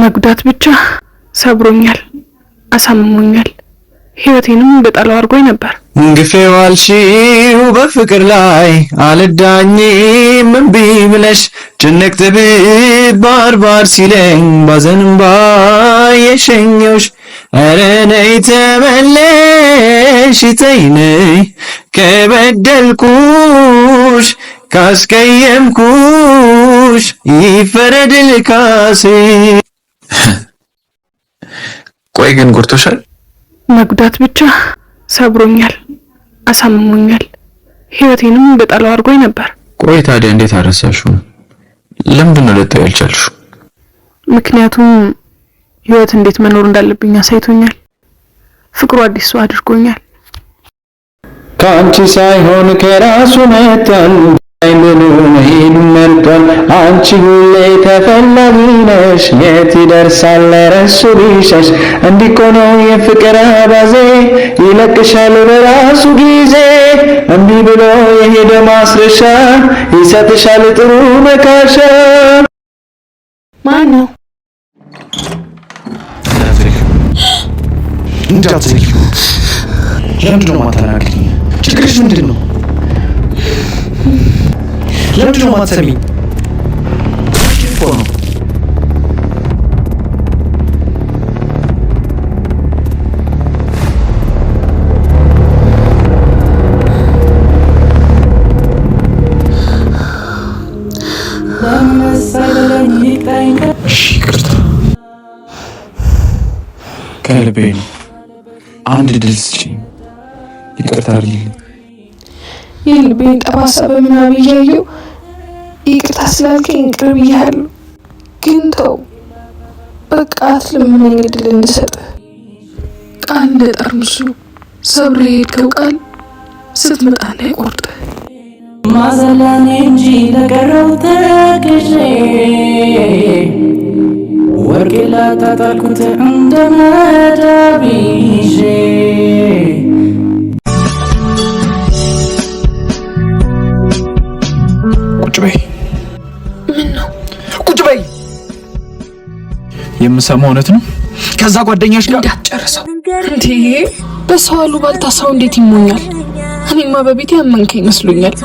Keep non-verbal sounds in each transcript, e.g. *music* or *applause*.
መጉዳት ብቻ ሰብሮኛል፣ አሳምሞኛል። ህይወቴንም በጣለው አድርጎኝ ነበር። እንግፌ ዋልሺው በፍቅር ላይ አልዳኝ ምን ብለሽ ጭንቅ ጥብብ ባር ባር ሲለኝ ባዘንባ የሸኘውሽ ኧረ ነይ ተመለሽ ተይነይ ከበደልኩሽ ካስቀየምኩሽ ይፈረድልካሴ ግን ጎድቶሻል? መጉዳት ብቻ ሰብሮኛል፣ አሳምሞኛል፣ ህይወቴንም በጣለው አድርጎኝ ነበር። ቆይ ታዲያ እንዴት አረሳሽው? ለምንድን ነው ልታዩ ያልቻልሽው? ምክንያቱም ህይወት እንዴት መኖር እንዳለብኝ አሳይቶኛል። ፍቅሩ አዲስ ሰው አድርጎኛል። ከአንቺ ሳይሆን ከራሱ መጣን አይምሉ መሄዱ መርጧል አንቺ ሁሌ ተፈላጊ ነሽ፣ የት ይደርሳል ለረሱ ቢሻሽ። እንዲህ ነው የፍቅር አባዜ ይለቅሻል በራሱ ጊዜ። እንዲህ ብሎ የሄደ ማስረሻ ይሰጥሻል ጥሩ መካሻ። ማን ነው *gasps* እንዳትዘጊው። ለምንድን ነው ማታናግሪኝ? ችግርሽ ምንድን ነው? ለምንድን ነው ማትሰሚኝ? телефону. ነው። ከልቤ ነው። አንድ ድል ስጪኝ፣ ይቅርታ አድርጊልኝ። የልቤን ጠባሳ በምናብ እያየው ይቅርታ ስላልከኝ ይቅር ብያለሁ፣ ግን ተው በቃ አትለምነኝ እድል እንድሰጥህ። ቃል እንደ ጠርሙሱ ሰብረ የሄድከው ቃል ስትመጣ እንዳይቆርጥህ ማዘላኔ እንጂ ለቀረው ተቅዤ ወርቄ ላታጣልኩት እንደ መዳቢ የምሰማው እውነት ነው። ከዛ ጓደኛሽ ጋር እንዳትጨርሰው እንዴ! በሰው አሉባልታ ሰው እንዴት ይሞኛል? እኔማ በቤቴ ያመንከ ይመስሉኛል።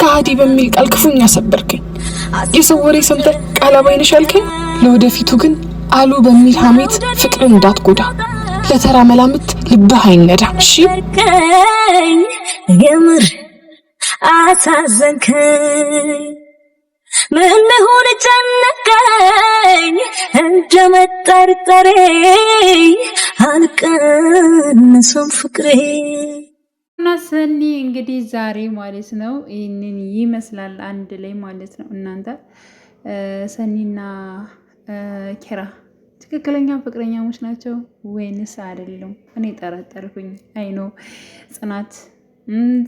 ከሃዲ በሚል ቃል ክፉኛ ሰበርከኝ። የሰው ወሬ ሰምተህ ቃል አባይነሽ አልከኝ። ለወደፊቱ ግን አሉ በሚል ሐሜት ፍቅርን እንዳትጎዳ ለተራ መላምት ልብህ አይነዳ። እሺ የምር አሳዘንከኝ። ምን ልሁን ጨነቀኝ እንደመጠርጠሬ አልቀንስም ፍቅሬ። እና ሰኒ እንግዲህ ዛሬ ማለት ነው ይህንን ይመስላል አንድ ላይ ማለት ነው። እናንተ ሰኒና ኬራ ትክክለኛ ፍቅረኛሞች ናቸው ወይንስ አይደለም? እኔ ጠረጠርኩኝ። አይኖ ጽናት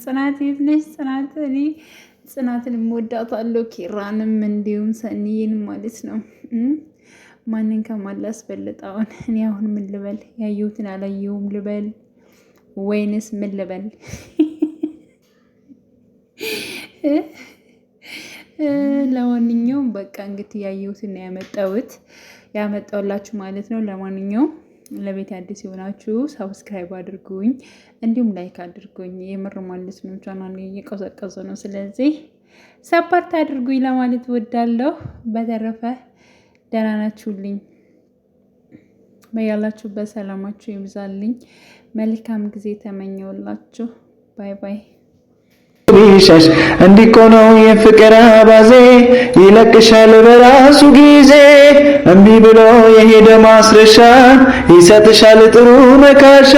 ጽናት የት ነች? ጽናት እኔ ጽናትን እምወዳታለሁ ኬራንም እንዲሁም ሰኒን ማለት ነው። ማንን ከማን ላስበልጥ? እኔ አሁን ምን ልበል? ያየሁትን አላየሁም ልበል ወይንስ ምን ልበል? ለማንኛውም በቃ እንግዲህ ያየሁትን ነው ያመጣሁት ያመጣሁላችሁ ማለት ነው። ለማንኛውም ለቤት አዲስ የሆናችሁ ሰብስክራይብ አድርጉኝ፣ እንዲሁም ላይክ አድርጉኝ። የምር ማለት ነው ቻናሉ እየቀዘቀዘ ነው። ስለዚህ ሰፖርት አድርጉኝ ለማለት ወዳለሁ። በተረፈ ደህና ናችሁልኝ? በያላችሁበት ሰላማችሁ ይብዛልኝ። መልካም ጊዜ ተመኘውላችሁ። ባይ ባይ። ይሸሽ እንዲቆ ነው የፍቅር አባዜ ይለቅሻል በራሱ ጊዜ እምቢ ብሎ የሄደ ማስረሻ ይሰጥሻል ጥሩ መካሻ